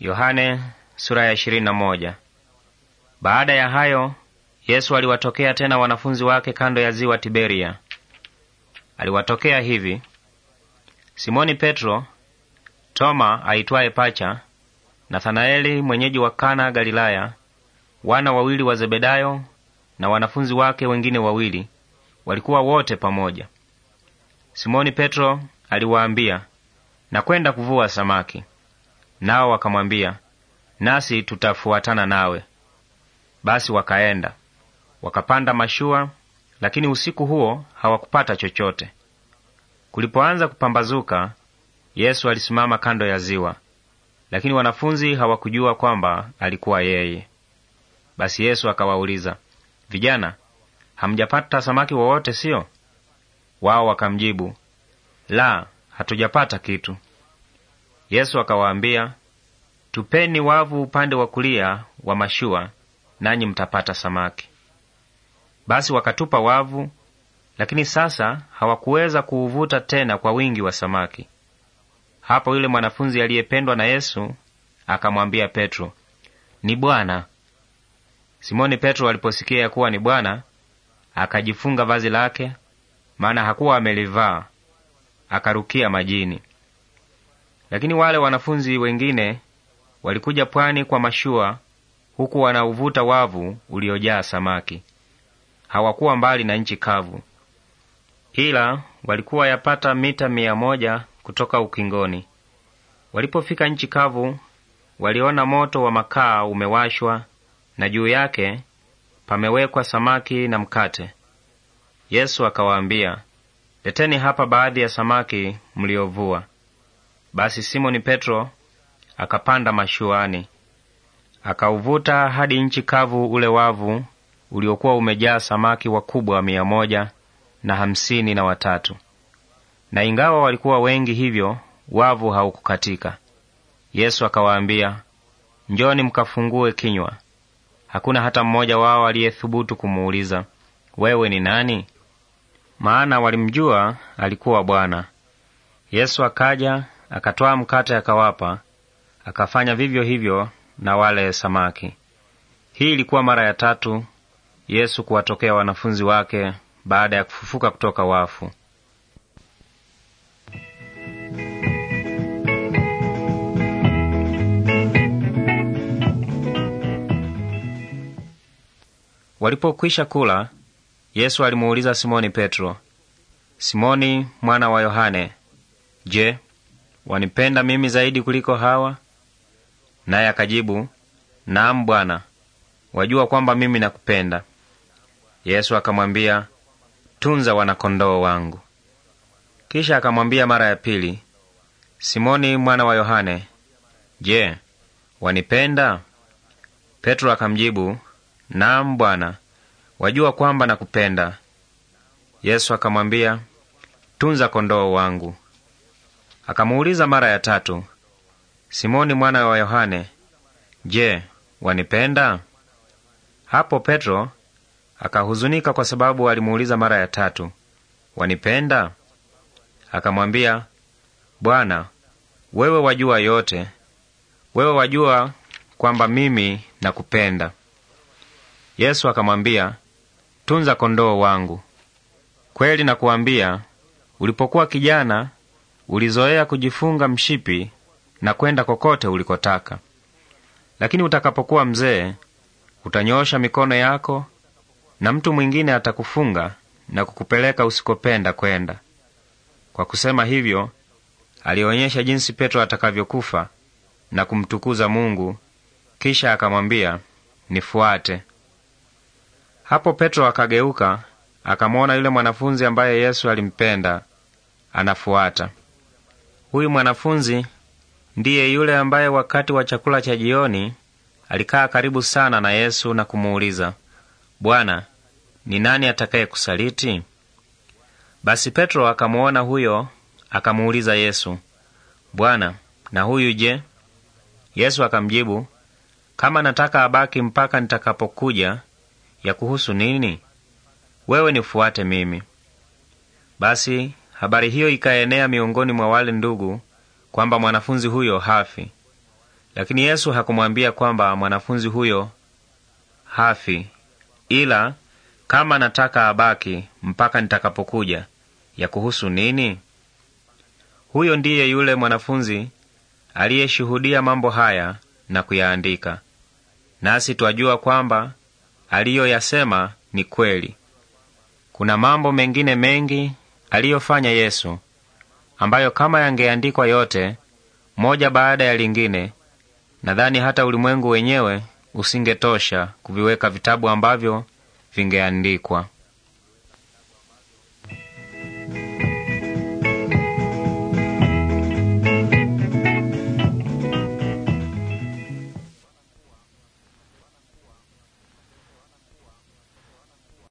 Yohane, sura ya moja. Baada ya hayo Yesu aliwatokea tena wanafunzi wake kando ya ziwa Tiberia. Aliwatokea hivi: Simoni Petro, Toma aitwaye Pacha, Nathanaeli mwenyeji wa Kana Galilaya, wana wawili wa Zebedayo na wanafunzi wake wengine wawili walikuwa wote pamoja. Simoni Petro aliwaambia, nakwenda kuvua samaki. Nao wakamwambia, nasi tutafuatana nawe. Basi wakaenda wakapanda mashua, lakini usiku huo hawakupata chochote. Kulipoanza kupambazuka, Yesu alisimama kando ya ziwa, lakini wanafunzi hawakujua kwamba alikuwa yeye. Basi Yesu akawauliza, vijana, hamjapata samaki wowote, siyo? Wao wakamjibu, la, hatujapata kitu. Yesu akawaambia, Tupeni wavu upande wa kulia wa mashua, nanyi mtapata samaki. Basi wakatupa wavu, lakini sasa hawakuweza kuuvuta tena kwa wingi wa samaki. Hapo yule mwanafunzi aliyependwa na Yesu akamwambia Petro, ni Bwana. Simoni Petro aliposikia ya kuwa ni Bwana, akajifunga vazi lake, maana hakuwa amelivaa, akarukia majini. Lakini wale wanafunzi wengine Walikuja pwani kwa mashua, huku wanauvuta wavu uliojaa samaki. Hawakuwa mbali na nchi kavu, ila walikuwa yapata mita mia moja kutoka ukingoni. Walipofika nchi kavu, waliona moto wa makaa umewashwa na juu yake pamewekwa samaki na mkate. Yesu akawaambia, leteni hapa baadhi ya samaki mliovua. Basi Simoni Petro akapanda mashuani, akauvuta hadi nchi kavu ule wavu uliokuwa umejaa samaki wakubwa mia moja na hamsini na watatu. Na ingawa walikuwa wengi hivyo, wavu haukukatika. Yesu akawaambia, njoni mkafungue kinywa. Hakuna hata mmoja wao aliyethubutu kumuuliza, wewe ni nani? Maana walimjua alikuwa Bwana. Yesu akaja akatwaa mkate akawapa, akafanya vivyo hivyo na wale samaki. Hii ilikuwa mara ya tatu Yesu kuwatokea wanafunzi wake baada ya kufufuka kutoka wafu. Walipokwisha kula, Yesu alimuuliza Simoni Petro, Simoni mwana wa Yohane, je, wanipenda mimi zaidi kuliko hawa? Naye akajibu, naam Bwana, wajua kwamba mimi nakupenda. Yesu akamwambia, tunza wanakondoo wangu. Kisha akamwambia mara ya pili, Simoni mwana wa Yohane, je, wanipenda? Petro akamjibu, naam Bwana, wajua kwamba nakupenda. Yesu akamwambia, tunza kondoo wangu. Akamuuliza mara ya tatu, Simoni mwana wa Yohane, je, wanipenda? Hapo Petro akahuzunika kwa sababu alimuuliza mara ya tatu, wanipenda? Akamwambia, Bwana, wewe wajua yote, wewe wajua kwamba mimi nakupenda. Yesu akamwambia, tunza kondoo wangu. Kweli nakuambia, ulipokuwa kijana ulizoea kujifunga mshipi na kwenda kokote ulikotaka. Lakini utakapokuwa mzee, utanyoosha mikono yako, na mtu mwingine atakufunga na kukupeleka usikopenda kwenda. Kwa kusema hivyo, alionyesha jinsi Petro atakavyokufa na kumtukuza Mungu, kisha akamwambia, nifuate. Hapo Petro akageuka akamwona yule mwanafunzi ambaye Yesu alimpenda anafuata. Huyu mwanafunzi ndiye yule ambaye wakati wa chakula cha jioni alikaa karibu sana na Yesu na kumuuliza, Bwana, ni nani atakaye kusaliti? Basi Petro akamuona huyo, akamuuliza Yesu, Bwana, na huyu je? Yesu akamjibu, kama nataka abaki mpaka nitakapokuja, ya kuhusu nini? Wewe nifuate mimi. Basi habari hiyo ikaenea miongoni mwa wale ndugu kwamba mwanafunzi huyo hafi. Lakini Yesu hakumwambia kwamba mwanafunzi huyo hafi, ila kama nataka abaki mpaka nitakapokuja, ya kuhusu nini? Huyo ndiye yule mwanafunzi aliyeshuhudia mambo haya na kuyaandika, nasi twajua kwamba aliyoyasema ni kweli. Kuna mambo mengine mengi aliyofanya Yesu ambayo kama yangeandikwa yote moja baada ya lingine, nadhani hata ulimwengu wenyewe usingetosha kuviweka vitabu ambavyo vingeandikwa.